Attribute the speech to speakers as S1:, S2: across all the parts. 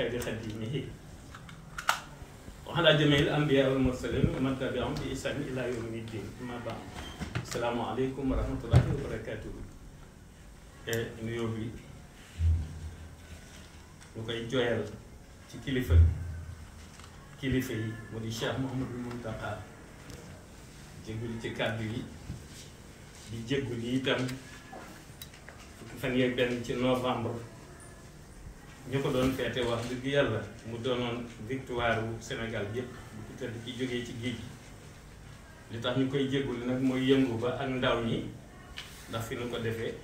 S1: xayri xadimihi wa ala jamiil anbiyaa wal mursaliin wa man tabiahum bi ihsaan ilaa yawmi ddiin amma ba'd assalaamu aleykum wa rahmatullaahi wa barakaatuhu e, nuyoo bi ñu koy jooyal ci kilifa kilifa yi mu di Cheikh Mouhamadul Mountakha jéggul ci kàddu yi di jéggul yi itam fukki fan benn ci novembre ñu ko doon feete wax dëgg yàlla mu doonoon victoire wu Sénégal yëpp bu ko tëdd ki jógee ci géej gi li tax ñu koy jéggul nag mooy yëngu ba ak ndaw ñi ndax fi nu ko defee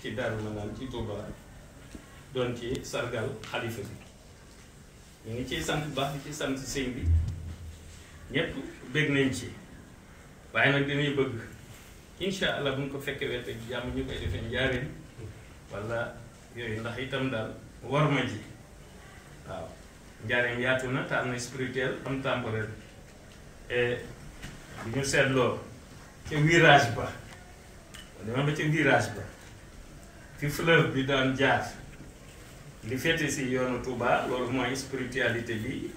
S1: ci Daaru Manaan ci Touba doon ci sargal xalifa bi ñu ngi ciy sant baax di ci sant sëñ bi ñëpp bëgg nañ ci waaye nag dañuy bëgg incha allah bu ñu ko fekkee wet jàmm ñu koy defee njaareen wala yooyu ndax itam daal war ma ji waaw njaareem yaatu na te am na spirituel am temporel et ñu seetloo ca virage ba dama ba ca virage ba fi bi daan jaar li féete si yoonu Touba loolu mooy spiritualité bi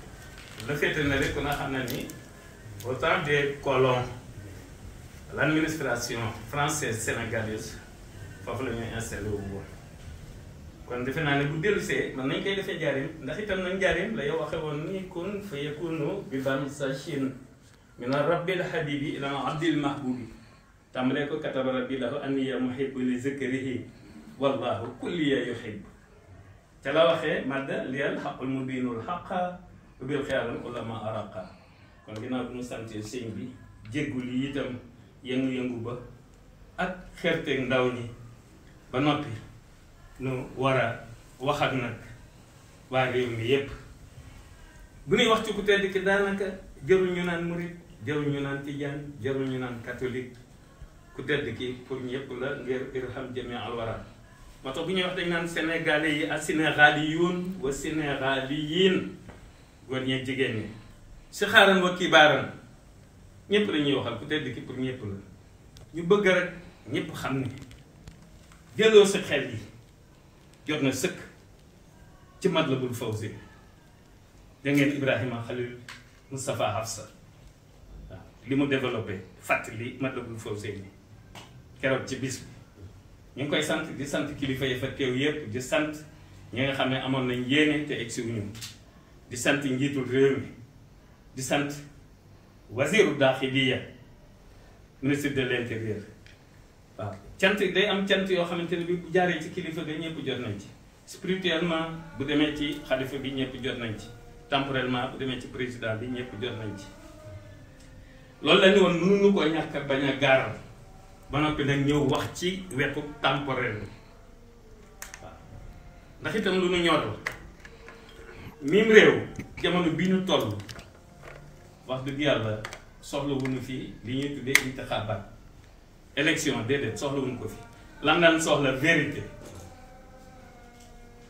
S1: la féete na rek na xam na ni au temps des colons l'administration française sénégalaise foofu la ñuy installé kon defe naa ne bu dellusee man nañ koy defee jaarim ndax itam nañ jaarim la yow waxe woon ni kun fa yakunu bi bam sa chin min rabbil habibi ila abdil mahbubi tàmbalee ko kataba rabbi lahu anniya muhibbu li zikrihi wallahu kulliya yuhib ca la waxee madda liyal xaqul mubinul xaqa ubil xiyaaram ulama araqa kon ginnaaw bi mu santee sëñ bi jéggul yi itam yëngu-yëngu ba ak xerteeg ndaw ñi ba noppi nu war a wax nag waa réew mi yépp bu ñuy wax ci ku tedd ki daanaka jarul ñu naan murit jarul ñu naan tijaan jarul ñu naan katolik ku tedd ki pour ñëpp la ngir irham jami alwara moo bu ñuy wax dañ naan yi ak sénégaliyuun wa sénégaliyiin góor ñeeg jigéen ñi si xaaran wa kibaaran ñëpp lañuy ñuy waxal ku tedd ki pour ñëpp la ñu bëgg rek ñëpp xam ne delloo si xel yi jot na sëkk ci Matlabul Fawzi da ngeen Ibrahima Khalil Moustapha Hafsa waaw li mu développé fàttali Matlabul Fawzi ni keroog ci bis bi ñu ngi koy sant di sant kilifa yi fa teew yépp di sant ñi nga xam ne amoon nañ yéene te egsi wuñu di sant njiitul réew mi di sant wasiiru daaxiliya ministre de l'intérieur waaw cant day am cant yoo xamante ne bi bu jaaree ci kilifa ga ñëpp jot nañ ci spirituellement bu demee ci xalifa bi ñëpp jot nañ ci temporellement bu demee ci président bi ñëpp jot nañ ci loolu la ñu woon mënuñu ko ñàkk a bañ a ñëw wax ci wetu temporel bi waaw ndax itam lu nu ñor la mim réew jamono bi ñu toll wax dëgg yàlla wu wuñu fii li ñuy tuddee inti xabaar élection déedéet soxlawuñ ko fi lan lañ soxla vérité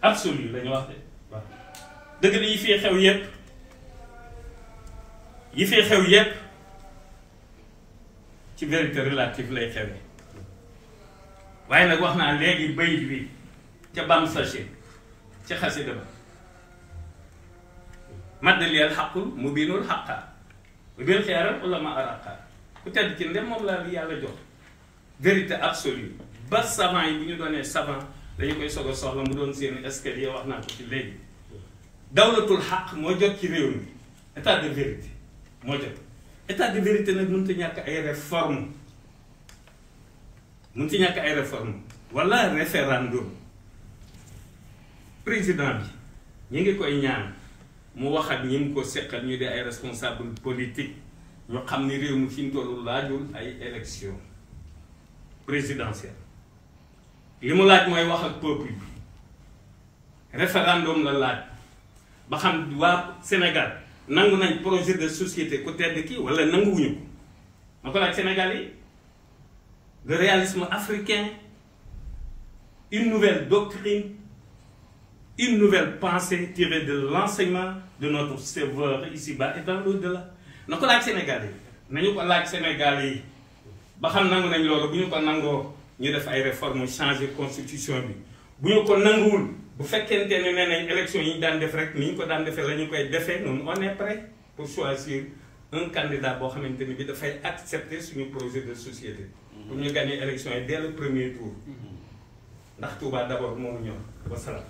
S1: absolue la wax de waaw dëgg yi fii xew yépp yi fii xew yépp ci vérité relative lay xewee waaye nag wax naa léegi bayit wi ca bam sachet ca xasida ba maddaliyal xaqul mu biinul xaqa mu xeeral ulama araqa ku tedd ci ndem moom laa yàlla jox vérité absolue ba savant yi bu ñu doonee savant dañu koy soog a soxla mu doon seen escalier wax naa ko ci léegi dawlatul xaq moo jot ci réew mi état de vérité moo jot état de vérité nag mënut a ñàkk ay réforme mun a ñàkk ay réforme wala référendum président bi ñu ngi koy ñaan mu wax ak ñi mu ko seqal ñu di ay responsable politique ñu xam ni réew mu fi mu toll laajul ay élection présidentielle li mu laaj mooy wax ak peuple bi référendum la laaj ba xam waa Sénégal nangu nañ projet de société ku tedd kii wala nanguwuñu ko ma ko laaj Sénégal yi le réalisme africain une nouvelle doctrine une nouvelle pensée tirée de l'enseignement de notre savoir ici-bas et dans l'au-delà na ko laaj Sénégal yi nañu ko laaj Sénégal yi ba xam nangu nañ loolu bu ñu ko nangoo ñu def ay réformes changé constitution bi bu ñu ko nanguwul bu fekkee ne nee nañ élection yi ñu daan def rek ni ñu ko daan defee la ñu koy defee noonu on est prêt pour choisir un candidat boo xamante ni bi dafay accepter suñu projet de société. pour ñu gagner élection yi dès le premier tour. ndax Touba d'abord moomu ñor wasalaam.